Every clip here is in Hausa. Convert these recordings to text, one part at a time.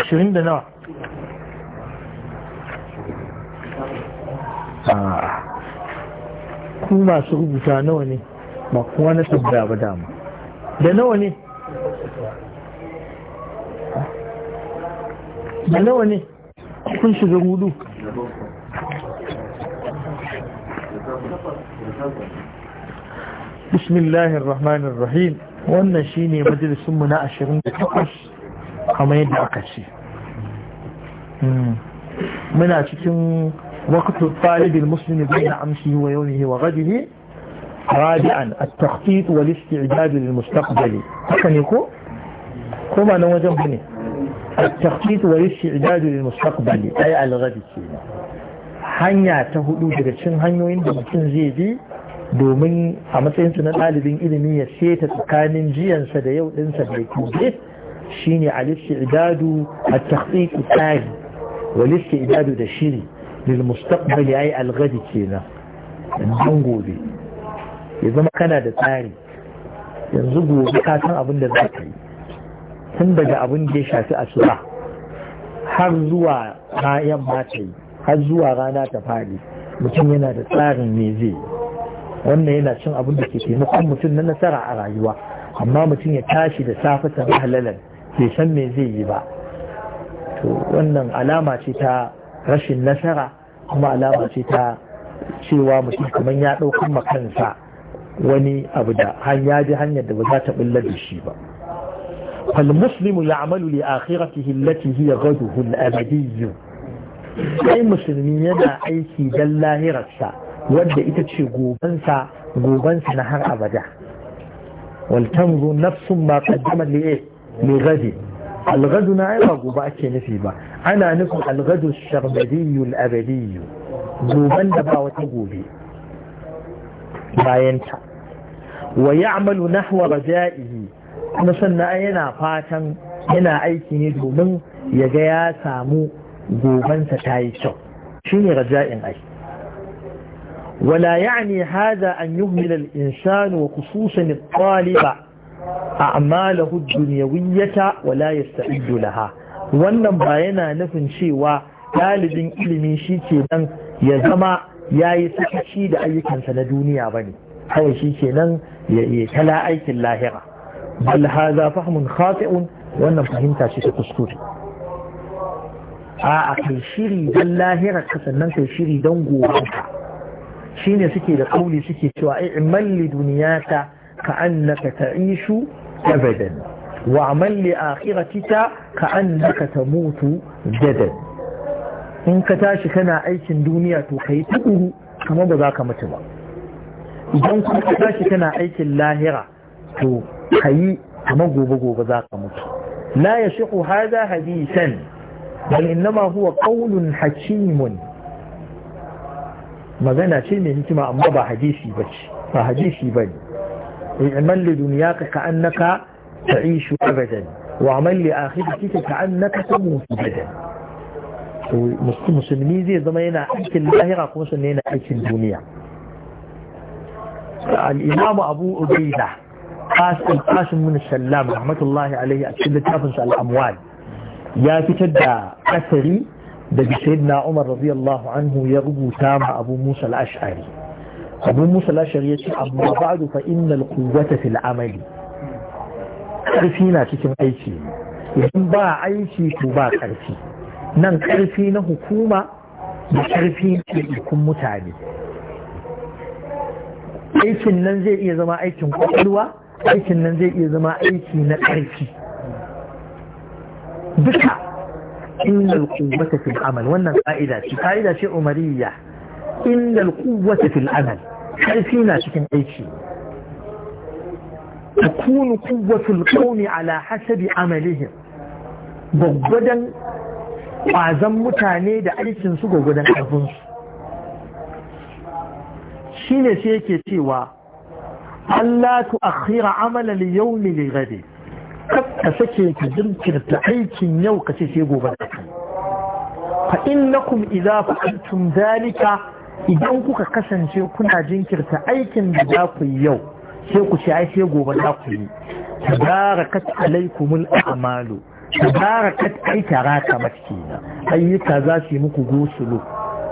ashirin da nawa ah. ku masu rubuta nawa ne ba kuma na tabbata ba dama da nawa ne da nawa ne kun shiga rudu بسم الله الرحمن الرحيم wannan shine majalisun mu na 28 kamar yadda aka ce hmm. muna cikin waktu talibin musulmi bai na amshi wa yau ne wa gaji ne rabi'an a takfit wa liski ijabi da mustaqbali haka ne ko? ko ma nan wajen bane a takfit wa liski ijabi da mustaqbali ai algadi ce hanya ta hudu daga cin hanyoyin da mutum zai bi domin a matsayinsa na ɗalibin ilimi ya seta tsakanin jiyansa da yau ɗinsa da ya kuje shine al-istidadu a takhsiq al-thani wal istidadu da shiri lil mustaqbal ay al kenan dan gobe ya zama kana da tsari yanzu gobe ka san abin da za ka yi tun daga abin da ya shafi asuba har zuwa kayan mata yi har zuwa rana ta fadi mutum yana da tsarin me zai wannan yana cin abin da ke taimakon mutum na nasara a rayuwa amma mutum ya tashi da safe ta halalan bai san me zai yi ba to wannan alama ce ta rashin nasara kuma alama ce ta cewa mutum kamar ya ɗaukan makansa wani abu da ya ji hanyar da ba za ta bulla da shi ba li يعمل لآخرته التي هي غده الأبدي ai musulmi yana aiki don lahirarsa wanda ita ce gobansa gobansa na har abada waltanzu nafsun ma kaddamar liye eh, mai gaje algadu na ba gobe ake nufi ba ana nufin algadu sharbadiyu al'abadiyu goben da ba wata gobe bayanta wa ya'malu nahwa raja'ihi kuma sannan yana fatan yana aiki ne domin ya ga ya samu gobansa ta yi kyau shine raja'in ai ولا يعني هذا أن يهمل الإنسان وخصوصا الطالب a'malahu dunyawiyyata wala yasta'iddu laha wannan ba yana nufin cewa ɗalibin ilimi shi ke nan ya zama ya yi sakaci da ayyukan sa na duniya ba ne kawai shi ke nan ya kala aikin lahira bal haza fahmun khati'un wannan fahimta ce ta kuskure a'a kai shiri don lahira ka sannan kai shiri dan gobe shine suke da kauli suke cewa ai malli duniyata كأنك تعيش أبدا وعمل لآخرتك كأنك تموت جدا إن كتاش كان عيش دنيا تخيطه كما بذاك متبع إذن كتاش كان عيش اللاهرة تخيط كما قوبه بذاك متبع لا يشق هذا حديثا بل إنما هو قول حكيم magana ce mai hikima amma ba hadisi ba ce ba hadisi ba ne اعمل لدنياك كأنك تعيش أبدا وعمل لآخرتك كأنك تموت أبدا مسلمين زي ضمينا حيث اللاهرة ومسلمين حيث الدنيا الإمام أبو أبيدة القاسم من السلام رحمة الله عليه أكسل تفنس الأموال يا تتدى أثري دا سيدنا عمر رضي الله عنه يغبو تام أبو موسى الأشعري abu musa lashari ya ce amma ba'du fa innal quwwata fil amali karfi na cikin aiki idan ba aiki to ba karfi nan karfi na hukuma da karfi na ikon mutane aikin nan zai iya zama aikin kwakwalwa aikin nan zai iya zama aiki na ƙarfi. duka inda quwwata fil amal wannan ka'ida ce ka'ida ce umariya inda quwwata fil amal ƙarfi na cikin aiki تكون قوة القوم على حسب عملهم gwagwadon ƙwazon mutane da aikinsu gwagwadon ƙarfinsu shi ne sai yake cewa Allah tu akhira amalan yau ne li gade ka sake ka jinkirta aikin yau ka ce sai gobe da kai fa innakum idza fa'altum zalika idan kuka kasance kuna jinkirta aikin da za ku yi yau sai ku ce ai sai gobe za ku yi tabarakat alaikumul a'malu tabarakat ai taraka na ayyuka za su yi muku gusulu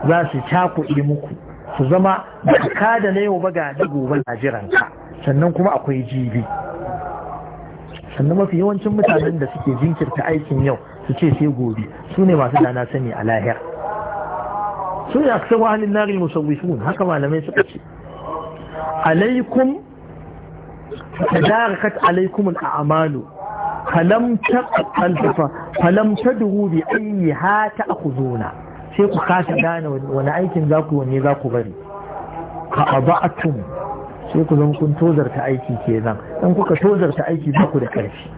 za su cakuɗe muku su zama ba ka da na yau ba ga gobe na ka, sannan kuma akwai jibi sannan mafi yawancin mutanen da suke jinkirta aikin yau su ce sai gobe su ne masu dana sani a lahira su yi aksaru ahalin nari musawwifun haka malamai suka ce alaikum tadarakat alaikum al'amalu falam taqalfa falam tadru bi ayyiha ta'khuduna sai ku kasa gane wani aikin za ku wani za ku bari ka tun sai ku zama kun tozarta aiki ke kenan in kuka tozarta aiki ba ku da karfi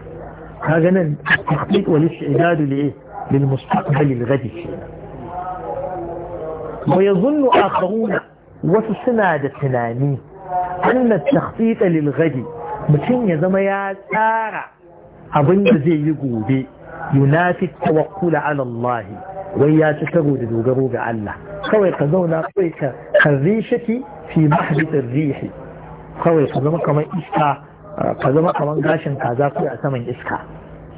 kaga nan tahqiq wal istidad li lil mustaqbal al ghadi wa yazunnu akharuna wasu suna da tunani anna takhsita lilgadi mutum ya zama ya tsara abin da zai yi gobe yunafi tawakkul ala Allah wai ya ci da dogaro ga Allah kawai ka zauna kawai ka karrishaki fi mahbitir rihi kawai ka zama kamar iska ka zama kamar gashin kaza kai saman iska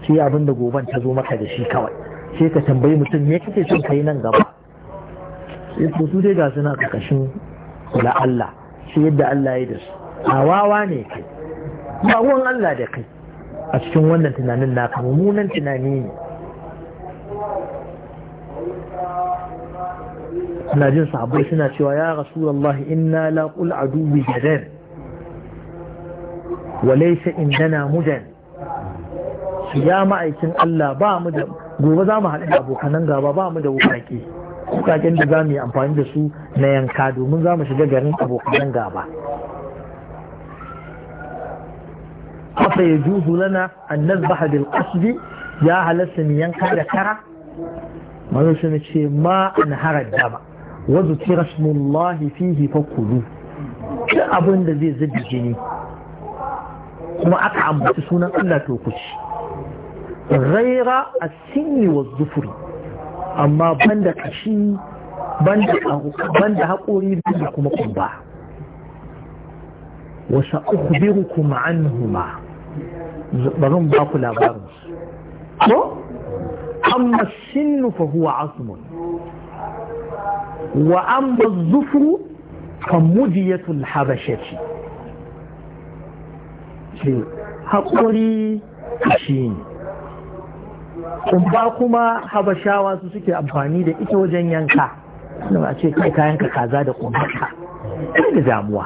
shi abin da goban ta zo maka da shi kawai sai ka tambayi mutum me kake son kai nan gaba sai su dai ga suna ƙarƙashin kula Allah yadda Allah ya da su a wawa ne kai ba uwan Allah da kai a cikin wannan tunanin naka mummunan tunani ne ana jin sahabbai suna cewa ya rasulullahi inna la qul bi jadan wa laysa indana mudan ya ma'aikin Allah ba mu da gobe za mu haɗu da abokanan gaba ba mu da wukaki kukaken da za mu yi amfani da su na yanka domin za mu shiga garin abokan gaba haka ya juzu lana an nazbaha bil ya halatta mu yanka da kara manzo sun ce ma an harad dama wa zikra fi fihi kudu. duk abin da zai zubi jini kuma aka ambaci sunan Allah to ku ci ghaira as-sinni waz-zufri amma banda kashi banda haƙori da kuma ƙumba wasa ukhbirukum anhuma barin ba ku labarin ko amma sinnu fa huwa asmun wa amma zufru fa mujiyatul habashati ce haƙori kashi ne kumba kuma habashawa su suke amfani da ita wajen yanka suna a ce kai kayan ka kaza da kumbarka kai da damuwa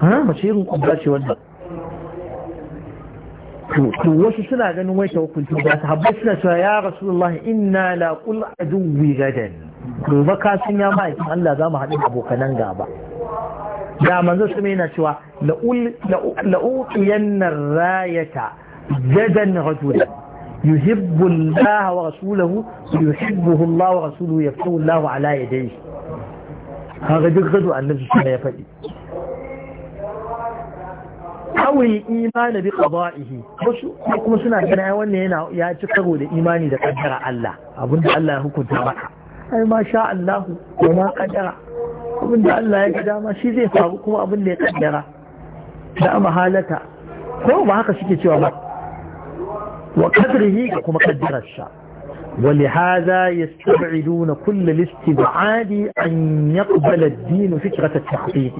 ha mace irin kumba ce wannan to wasu suna ganin wai hukunci ba su habbai suna cewa ya rasulullahi inna la qul aduwwi gadan gobe ka sun ya ma'aikin Allah za mu haɗu abokanan gaba da manzo su mai na cewa la'uqiyannar rayata جدا رجلا يحب الله ورسوله ويحبه الله ورسوله يفتح الله على يديه هذا جغد أن نفسه ما يفعل أو الإيمان بقضائه وكما سنة كان أولا هنا يتقروا لإيماني ذا قدر الله أبن الله هو كنت معه أي ما شاء الله وما قدر أبن الله يقدر ما شيء زي فاروكم أبن لي قدر لا مهالة هو ما هكا شكي تيوه وقدره كما قدر الشعب ولهذا يستبعدون كل الاستبعاد أن يقبل الدين فكرة التحقيق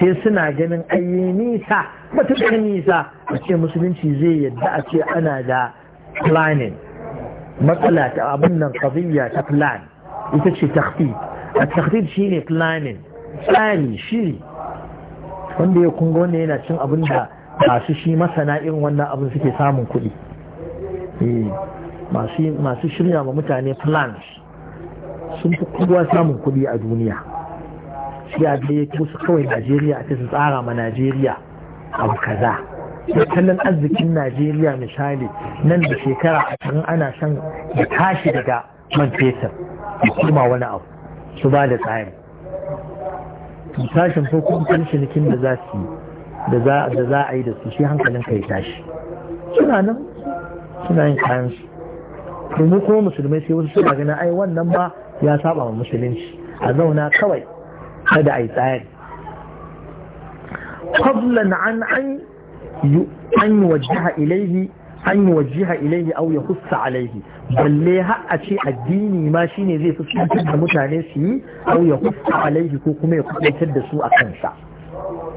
sai suna ganin ayi nisa matuƙar nisa a ce musulunci zai yadda a ce ana da planning matsala ta abin nan qadiyya ta plan ita ce takhdid a takhdid shine planning tsari shi wanda ya kunga wanda yana cin abin da masu shi masana irin wannan abin suke samun kuɗi Eh, masu shirya ma mutane plans sun fi kowa samun kuɗi a duniya shi a da ya kusa kawai najeriya a su tsara ma najeriya abu kaza tattalin arzikin najeriya misali nan da shekara ashirin ana shan ya tashi daga man fetur da kuma wani abu su ba da tsari tashin kuma kan cinikin da za da za a yi da su shi hankalin kai tashi suna nan suna yin kayan su domin musulmai sai wasu suna ganin ai wannan ba ya saba wa musulunci a zauna kawai kada a yi tsari fadlan an an an wajjaha ilaihi an wajjaha ilaihi ya yahussa alaihi balle har a ce addini ma shine zai fuskantar da mutane su yi ya yahussa alaihi ko kuma ya kusantar da su a kansa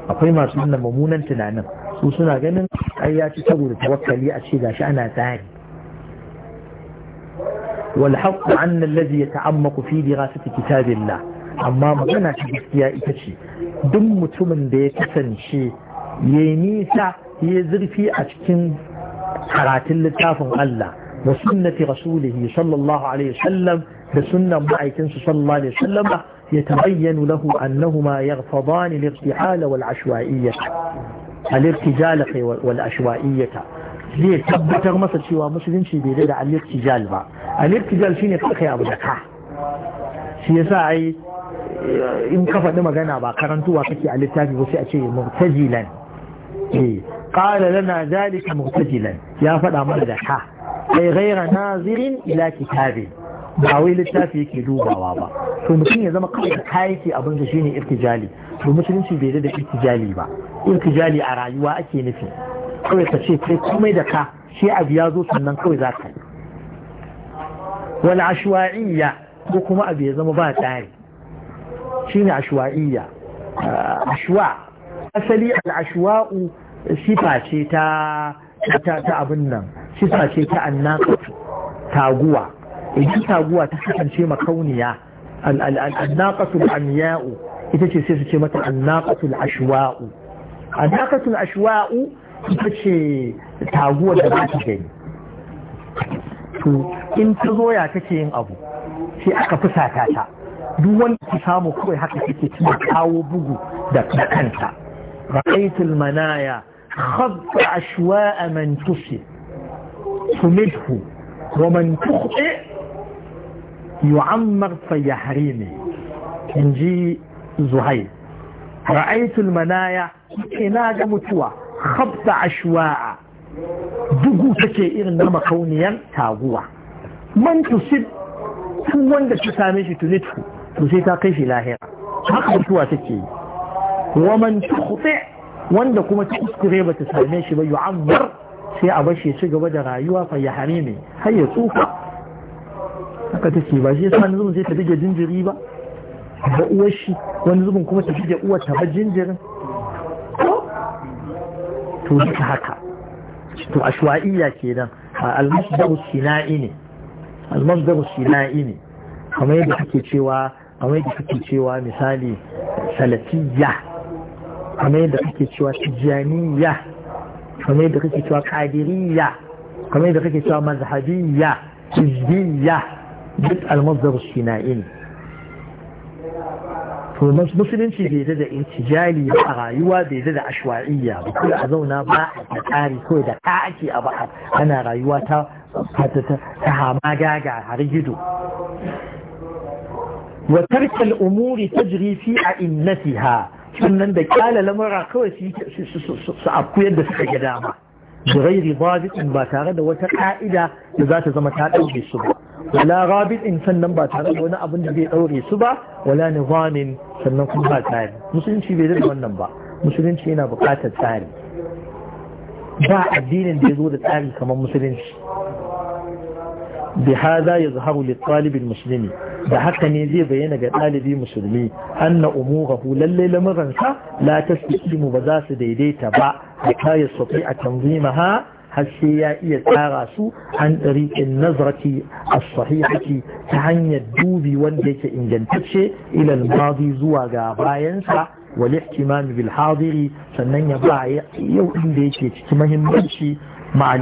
akwai masu nuna mummunan tunanin su suna ganin ai ya ci saboda tawakkali a ce gashi ana tsari wal haqqu anna alladhi yata'ammaqu fi dirasati kitabillah amma magana ta gaskiya ita ce duk mutumin da ya kasance ya nisa ya zurfi a cikin karatun littafin Allah wa sunnati rasulihi sallallahu alaihi wasallam da sunnan ma'aikinsu sallallahu alaihi wasallam ya tabayyanu lahu annahuma yaghfadani lirtihal wal ashwa'iyyah al-irtijal wal ashwa'iyyata zai tabbatar masa cewa musulunci bai da al-irtijal ba al-irtijal shine kai abu da ka shi yasa ai eh, in ka faɗi magana ba karantuwa kake a littafi ba sai a ce murtajilan eh qala lana zalika murtajilan ya faɗa mana da ka ai ghaira nazirin ila kitabi ba wai littafi yake dubawa ba to mutum ya zama kawai da abin da shine irtijali to musulunci bai da irtijali ba irtijali a rayuwa ake nufi kawai ka ce kai komai da ka shi abu ya zo sannan kawai za ka yi Wani ashwa'iyya ko kuma abu ya zama ba tsari ne ashwa'iyya ah, ashwa asali al ashwa'u sifa ce ta ta abin nan sifa ce ta annaqatu taguwa idan taguwa ta kasance makauniya al annaqatu al amya'u ita ce sai su ce mata annaqatul ashwa'u annaqatul ashwa'u ita ce taguwar da ba ta gani to in ta zoya take yin abu sai aka fusata ta duk wanda ta samu kawai haka take tana kawo bugu da kanta ra'aytul manaya خض عشواء من tumidhu سمده ومن تخطئ يعمر فيحرمه in inji. Zuhai, ra'aitul manaya ke na ga mutuwa khabta ashwa'a dugu take irin na makauniyar taguwa man tusib kun wanda ta same shi tunitu to sai ta kai shi lahira haka mutuwa take yi wa man tukhti wanda kuma ta kuskure ba ta same shi ba yu'ammar sai a bashi ci gaba da rayuwa fa ya harime har ya tsufa haka take ba shi yasa nan zai ta dige jinjiri ba ga uwar shi wani zubin kuma ta shige uwar ta bar jinjirin to duka haka to ashwa'iyya kenan al-masdaru sina'i ne al-masdaru sina'i ne kamar yadda kake cewa kamar yadda kake cewa misali salatiyya kamar yadda kake cewa tijaniyya kamar yadda kake cewa qadiriyya kamar yadda kake cewa mazhabiyya hizbiyya duk al-masdaru sina'i ne to musulunci bai da intijali a rayuwa bai da ashwa'iyya ba kula a zauna ba da tsari kawai da ta ake a ba ana rayuwa ta ta hama gaga har gido wa tarkal umuri tajri fi a'innatiha sannan da kyala lamura kawai su su su suka su su بغير ضابط با تare da wata ka'ida da za ta zama ta dauke su ba wala rabit in sannan ba tare da wani abin da zai daure su ba wala nizamin sannan ba tsari musulunci bai wannan ba musulunci yana buƙatar tsari ba addinin da ya zo da tsari kamar musulunci بهذا يظهر للطالب المسلم da haka ne zai bayyana ga ɗalibi musulmi anna umuruhu lalle lamuransa la tasbimu ba za su daidaita ba hatta ya sofi a tanzimaha har sai ya iya tsara su an ɗariƙin nazarati a sahihati ta hanyar dubi wanda yake ingantacce ilal madi zuwa ga bayansa wal ihtimami sannan ya ba yau inda yake ciki mahimmanci مع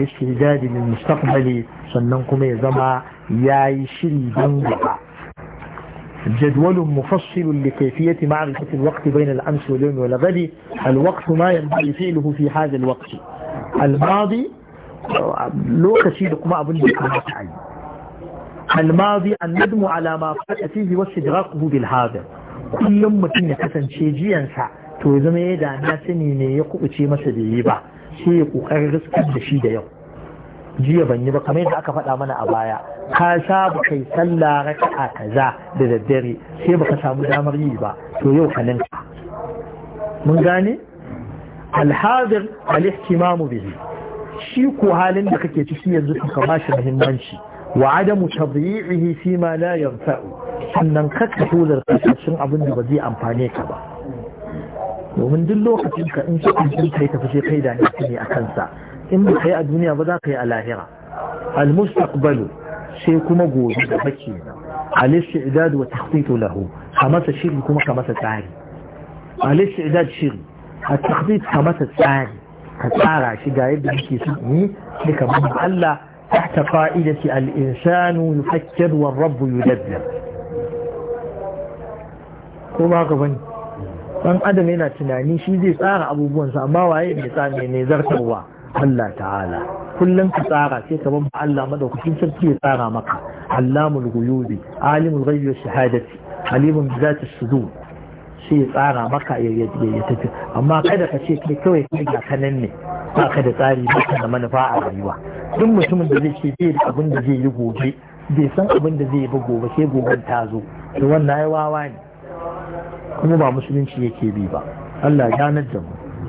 sannan kuma ya zama زما shiri شري دنبقى جدول مفصل لكيفية معرفة الوقت بين الأمس واليوم والغد الوقت ما ينبغي فعله في هذا الوقت الماضي لوكشي ما بن بكرة الماضي الندم على ما فات فيه واستدراكه بالهذا كل متن حسن شي جي zama تو da na sani ne ya kubuce شي da yi ba sai ya kokarin riskar jiya ban yi ba kamar yadda aka faɗa mana a baya ka saba kai sallah raka'a kaza da daddare sai baka samu damar yi ba to yau ka ninka mun gane alhazir al-ihtimamu bihi shi ko halin da kake ciki yanzu ka bashi muhimmanci wa adamu tadyi'ihi fi ma la yanfa'u sannan kakka hular kasashen abin da ba zai amfane ka ba domin duk lokacin ka in shi kai tafi sai kai da ne a kansa إن الحياة الدنيا بدأت على الآخرة المستقبل شيء موجود بحكينا على الاستعداد وتخطيط له حماسة شير لكم حماسة تعالي على الاستعداد شير التخطيط حماسة تعالي كتارع شي قائد بكي سمي لك ألا تحت قائدة الإنسان يفكر والرب يدبر كما قبن فان أدم هنا تناني شي دي سارع أبو بوان سأما وعيد نتاني نزرت الله Allah ta'ala kullum ka tsara sai ka bamba Allah madaukakin sarki ya tsara maka allamul ghuyubi alimul ghaibi shahadati alimun zati sudur sai ya tsara maka ya tafi amma kada ka ce kai kawai kai ga kanan ne ba ka da tsari ba ka da manufa a rayuwa duk mutumin da zai ce bai da abin da zai yi gobe bai san abin da zai yi ba gobe sai goben ta zo to wannan ai wawa ne kuma ba musulunci yake bi ba Allah ya ganar da mu